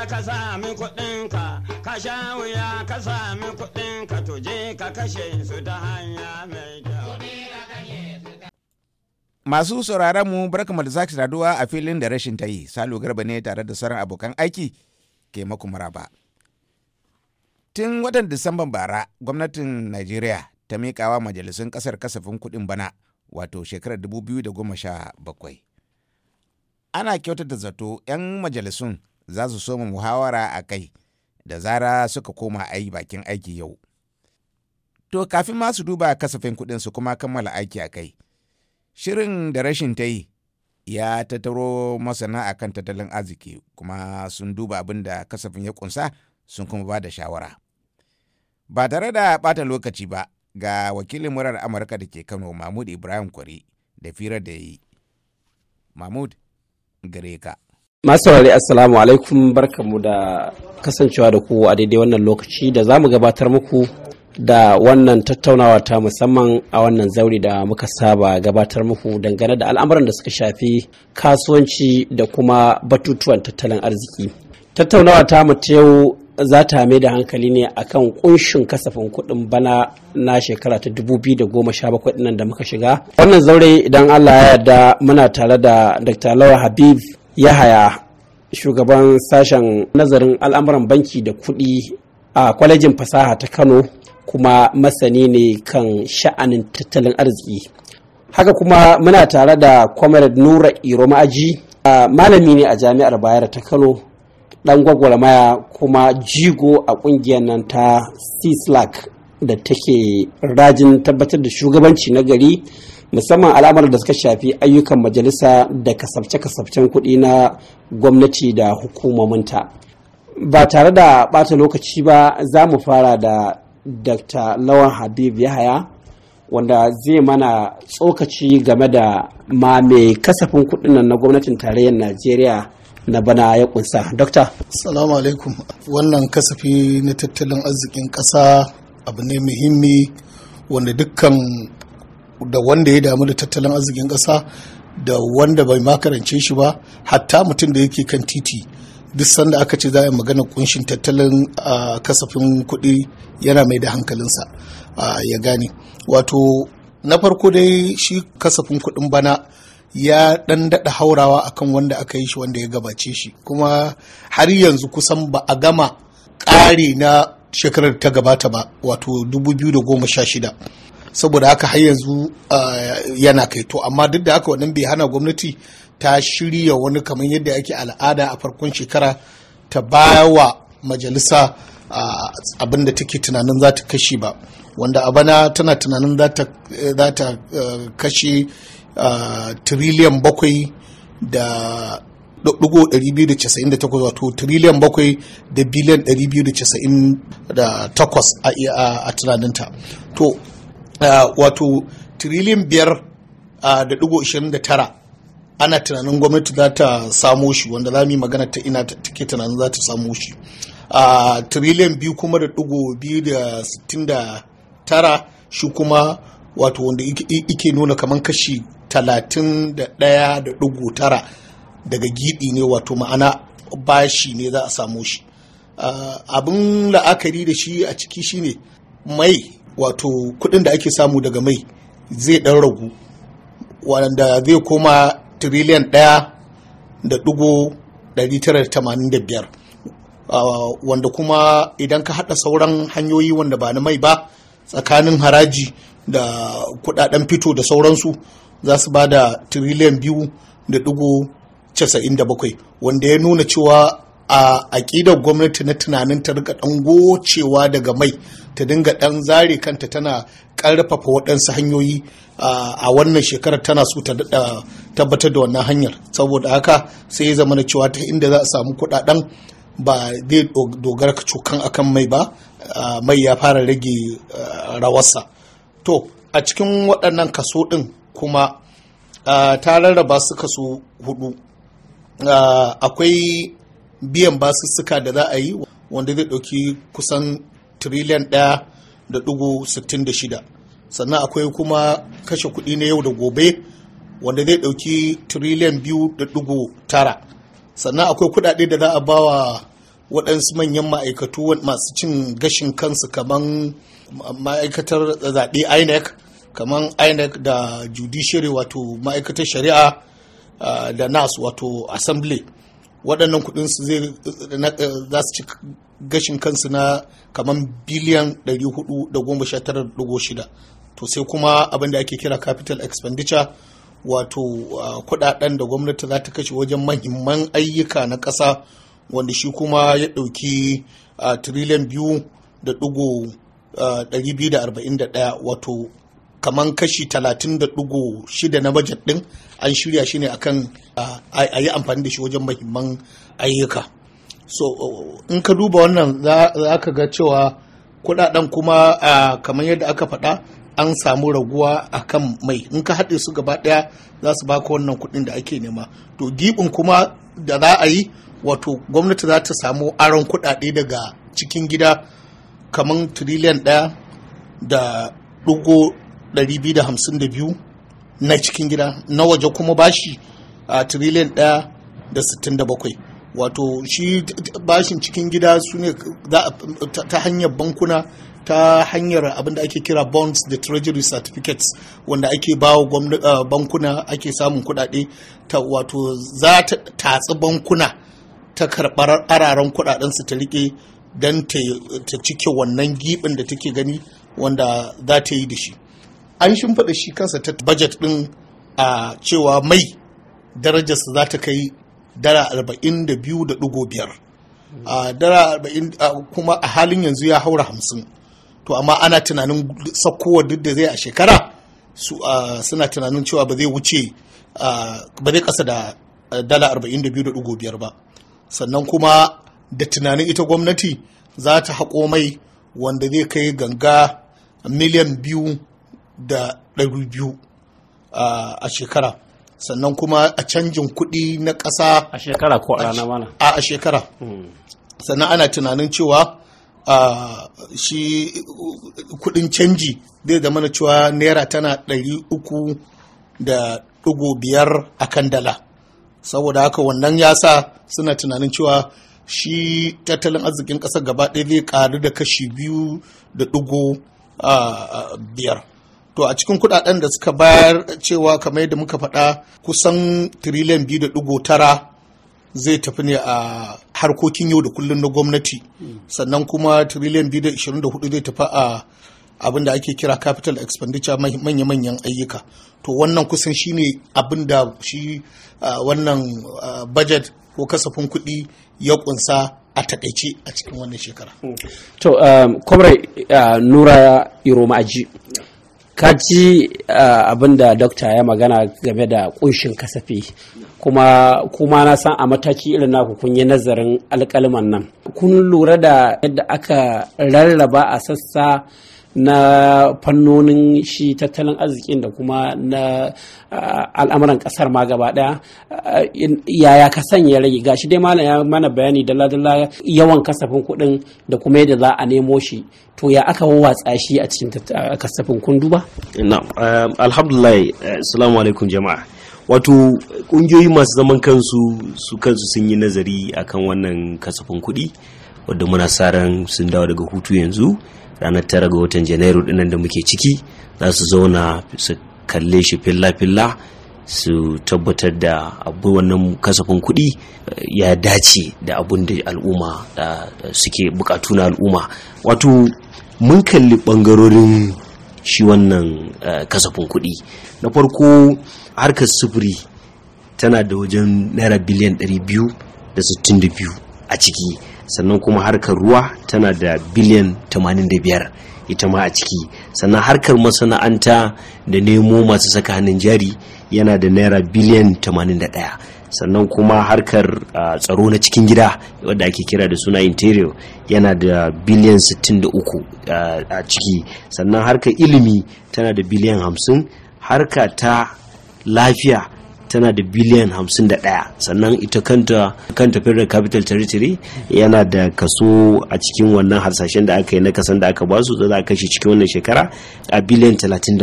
ka ka sami kuɗinka ka sha wuya ka sami kuɗinka to je ka kashe su ta hanya mai kyau Masu sauraron mu barkamu da zaki saduwa a filin da rashin ta yi, Salo Garba ne tare da sauran abokan aiki ke maku maraba. Tun watan Disamban bara, gwamnatin Najeriya ta miƙawa majalisun ƙasar kasafin kuɗin bana, wato shekarar 2017. Ana kyautata zato 'yan majalisun za su so soma muhawara a kai da zara suka koma yi bakin aiki yau to kafin ma su duba kasafin kuɗin su kuma kammala aiki a kai shirin da rashin ta yi ya tattaro masana a kan tattalin arziki kuma sun duba abin da kasafin ya kunsa sun kuma ba da shawara ba tare da ɓata lokaci ba ga wakilin murar amurka da ke kano mahmud ibrahim kwari da firar da yi mahmud gare ka masu saurari assalamu alaikum barkanmu da kasancewa da ku a daidai wannan lokaci da za mu gabatar muku da wannan tattaunawa ta musamman a wannan zauri da muka saba gabatar muku dangane da al'amuran da suka shafi kasuwanci da kuma batutuwan tattalin arziki tattaunawa ta mu ta yau za ta mai da hankali ne akan kunshin kasafin kuɗin bana na shekara ta 2017 nan da muka shiga wannan zaure idan allah ya yarda muna tare da dr lawa habib yahaya shugaban sashen nazarin al'amuran banki da kuɗi a kwalejin fasaha ta kano kuma masani ne kan sha'anin tattalin arziki haka kuma muna tare da comrade nura iro ma'aji a malami ne a jami'ar bayar ta kano dan gwagwarmaya kuma jigo a kungiyar nan ta c da take rajin tabbatar da shugabanci na gari musamman al'amuran da suka shafi ayyukan majalisa da kasafce-kasafcen kuɗi na gwamnati da hukumominta ba tare da ɓata lokaci ba za mu fara da dr lawan habib yahaya wanda zai mana tsokaci game da ma mai kasafin kuɗin nan na gwamnatin tarayyar najeriya na bana ya kunsa dokta salamu alaikum wannan kasafi na tattalin arzikin ƙasa abu ne muhimmi wanda dukkan da wanda ya damu da tattalin arzikin ƙasa da wanda bai makarance shi ba hatta mutum da yake kan titi duk sanda aka ce za a yi magana kunshin tattalin kasafin kuɗi yana mai da hankalinsa ya gane wato na farko dai shi kasafin kuɗin bana ya ɗan daɗa haurawa akan wanda aka yi shi wanda ya gabace shi kuma har yanzu kusan ba a gama ƙari na shekarar ta gabata ba wato 2016 saboda haka har yanzu ah, yana kai to amma duk da haka wannan bai hana gwamnati ta shirya wani kamar yadda ake al'ada a farkon shekara ta wa majalisa ah, abin da take tunanin za ta kashe ba wanda a bana tana tunanin za ta ah, kashe triliyan bakwai da 298 wato triliyan bakwai da biliyan 298 a tunaninta to wato trillion biyar da digo da tara ana tunanin gwamnati za ta samo shi wanda za mu yi magana ta ina take tunanin za ta samo shi a trillion biyu kuma da digo biyu da sittin da tara shi kuma wato wanda ike nuna kamar kashi talatin da daya da digo tara daga gidi ne wato ma'ana bashi ne za a samo shi abin la'akari da shi a ciki shine mai wato kuɗin da ake samu daga mai zai ɗan ragu wanda zai koma tiriliyan ɗaya da ɗigo 1985 wanda kuma idan ka haɗa sauran hanyoyi wanda ba na mai ba tsakanin haraji da kudaden fito da sauransu za su ba da tiriliyan biyu da ɗigo 97 wanda ya nuna cewa a aƙidar gwamnati na tunanin ta rika ɗan gocewa daga mai ta dinga ɗan zare kanta tana ƙarfafa waɗansu hanyoyi a wannan shekarar tana so ta tabbatar da wannan hanyar saboda haka sai ya zama cewa ta inda za a samu kuɗaɗen ba zai dogara ka cokan akan mai ba mai ya fara rage rawarsa to a cikin waɗannan kaso ɗin kuma ta rarraba su kaso hudu akwai biyan basussuka da za a yi wanda zai ɗauki kusan tiriliyan ɗaya da shida sannan akwai kuma kashe kuɗi na yau da gobe wanda zai ɗauki tiriliyan biyu da ɗugu sannan akwai kuɗaɗe da za a bawa waɗansu manyan ma'aikatu masu cin gashin kansu kamar ma'aikatar zaɓe inec kamar inec da judiciary wato ma'aikatar shari'a eh, da nas wato assembly waɗannan kuɗin su zai eh, za su ci gashin kansu na kamar biliyan 419.6 to sai kuma abin da ake kira capital expenditure wato ah, kuɗaɗen da gwamnati za ta kashe wajen mahimman ayyuka na ƙasa wanda shi kuma ya ɗauki ah, triliyan biyu da ɗigo 241 ah, wato kamar kashi talatin 30.6 na bajet din an shirya shi ne akan a yi amfani da shi wajen mahimman ayyuka so in ka duba wannan za ka ga cewa kudaden kuma kamar yadda aka faɗa an samu raguwa a kan mai in ka haɗe su gaba ɗaya za su baka wannan kuɗin da ake nema to gibin kuma da za a yi wato gwamnati za ta samu aron kuɗaɗe daga cikin gida kamar tiriliyan ɗaya da ɗugo 2,252 na cikin gida na waje kuma bashi a tiriliyan 1.67 wato shi bashin cikin gida su ne ta hanyar bankuna ta hanyar abin da ake kira bonds da treasury certificates wanda ake bawa bankuna ake samun kudade ta wato za ta tatsi bankuna ta karɓar araren kudaden su ta rike don ta cike wannan gibin da take gani wanda za ta yi da shi an shimfiɗa shi kansa ta budget ɗin a cewa mai darajarsa za ta kai dara arba'in da biyu da ɗigo biyar a dara arba'in kuma a halin yanzu ya haura hamsin to amma ana tunanin sakkowa duk da zai a shekara suna tunanin cewa ba zai wuce ba zai kasa da dala arba'in da biyu da ɗigo biyar ba sannan kuma da tunanin ita gwamnati za ta haƙo mai wanda zai kai ganga miliyan biyu da ɗari biyu a shekara sannan kuma a canjin kuɗi na ƙasa a shekara ko a rana mana a shekara hmm. sannan ana tunanin cewa shi kuɗin canji zai da mana cewa naira tana ɗari uku da ɗigo biyar a kan dala saboda haka wannan ya sa suna tunanin cewa shi tattalin arzikin ƙasa gaba ɗaya zai ƙaru da kashi biyu da ɗigo biyar to a cikin kudaden da suka bayar cewa kamar yadda muka faɗa kusan triliyan biyu da dubu tara zai tafi ne a harkokin yau da kullum na gwamnati sannan kuma triliyan biyu da ishirin da hudu zai tafi a abin da ake kira capital expenditure manya-manyan ayyuka to wannan kusan shine abin da shi wannan budget ko kasafin kuɗi ya kunsa a takaice a cikin wannan shekara. to um, comrade uh, nura iroma ma'aji. ka ci abin da dokta ya magana game da kunshin kasafi kuma kuma na san a mataki irin naku kun yi nazarin alkalman nan kun lura da yadda aka rarraba a sassa na fannonin shi tattalin arzikin da kuma na al'amuran kasar ma gaba daya yaya ka sanya rage gashi dai malam ya mana bayani dala dala yawan kasafin kuɗin da kuma yadda za a nemo shi to ya aka wawatsa shi a cikin kasafin kundu ba. na'am um, alhamdulillah assalamu alaikum jama'a wato kungiyoyi masu zaman kansu su kansu sun yi nazari akan wannan kasafin kuɗi wadda muna sa sun dawo daga hutu yanzu ranar tara ga watan janairu dinnan da muke ciki za su zauna su kalle shi filla-filla su tabbatar da abu wannan kasafin kuɗi eh, ya dace da abun da al'umma suke bukatu na al'umma wato mun kalli ɓangarorin shi wannan eh, kasafin kuɗi na farko harkar sufuri tana da wajen naira biliyan 262 a ciki sannan kuma harkar ruwa tana da biliyan 85 ita ma a ciki sannan harkar masana'anta da nemo masu saka hannun jari yana da naira biliyan 81 sannan kuma harkar tsaro na cikin gida wadda ake kira da suna interior yana da biliyan 63 a ciki sannan harkar ilimi tana da biliyan 50 harka ta lafiya tana da biliyan hamsin da sannan ita kanta kanta federal capital territory yana da kaso a cikin wannan harsashen da aka yi na kasan da aka ba su za a kashi cikin wannan shekara a biliyan talatin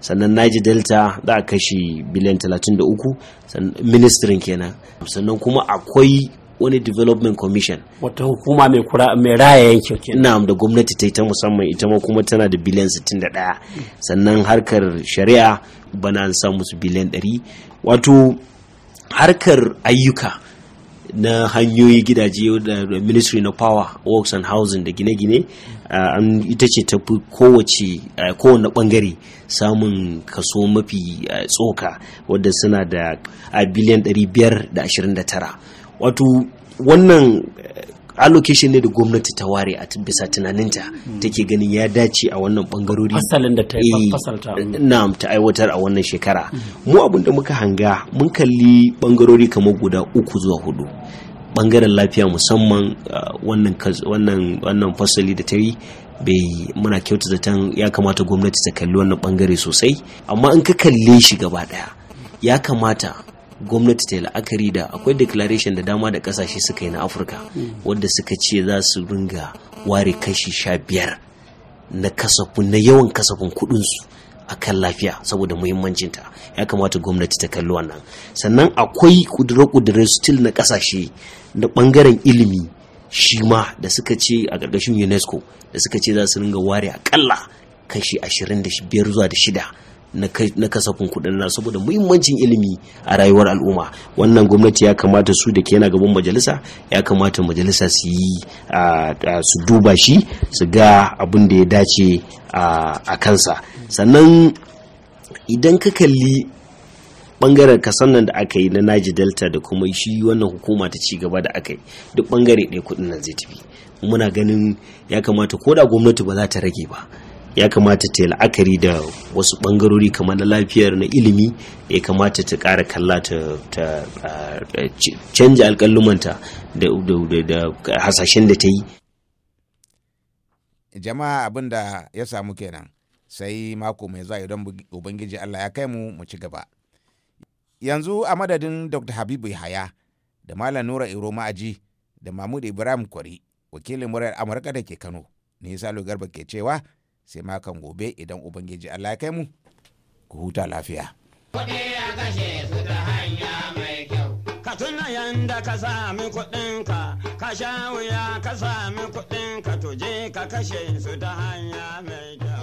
sannan niger delta za a kashi biliyan talatin da uku ministrin kenan sannan kuma akwai wani development commission wata hukuma mai kura mai raya yankin kenan na'am da gwamnati ta yi musamman ita ma kuma tana da biliyan 61 sannan harkar shari'a bana an samu su biliyan ɗari wato harkar ayyuka na hanyoyi gidaje da ministry na power works and housing da gine-gine an ita ce ta fi kowace kowane bangare samun kaso mafi tsoka wadda suna da biliyan 529 wato wannan allocation ne da gwamnati ta ware a bisa tunaninta hmm. take ganin ya dace a wannan bangarori fasalin da ta eh, fasalta na ta aiwatar a wannan shekara hmm. mu abin da muka hanga mun kalli bangarori kamar guda uku zuwa hudu bangaren lafiya musamman uh, wannan fasali da ta yi bai muna kyauta zaton ya kamata gwamnati ta kalli wannan bangare sosai amma in ka kalle shi gaba daya ya kamata gwamnati ta yi la'akari da akwai declaration da dama da kasashe suka yi na afirka wadda suka ce za su ringa ware kashi sha biyar na kasafin na yawan kasafin kudinsu a kan lafiya saboda muhimmancinta ya kamata gwamnati ta kalli wannan sannan akwai kudure-kudure still na kasashe na bangaren ilimi shi ma da suka ce a ƙarƙashin unesco da suka ce za su ringa ware akalla kashi 25 zuwa da shida na kasafin kuɗin na saboda muhimmancin ilimi a rayuwar al'umma wannan gwamnati ya kamata su da ke yana gaban majalisa ya kamata majalisa su yi su duba shi su ga abin da ya dace a kansa sannan idan ka kalli bangaren kasan nan da aka yi na naji delta da kuma shi wannan hukuma ta ci gaba da aka yi duk bangare ɗaya kuɗin nan zai tafi muna ganin ya kamata ko da gwamnati ba za ta rage ba ya kamata ta yi la'akari da wasu bangarori kamar na lafiyar na ilimi ya kamata ta kara kalla ta canja alƙallumanta da hasashen da ta yi jama'a abinda da ya samu kenan sai mako mai zuwa don ubangiji allah ya kai mu mu ci gaba yanzu a madadin dr habibu haya da malam nura iro ma'aji da mahmud ibrahim kwari wakilin murar amurka da ke kano nisa garba ke cewa sai makan gobe idan ubangiji allah ya kai mu ku huta lafiya kuɗi a kashe su ta hanya mai kyau ka tuna yanda ka sami kuɗinka ka sha wuya ka sami kuɗinka tuje ka kashe su ta hanya mai kyau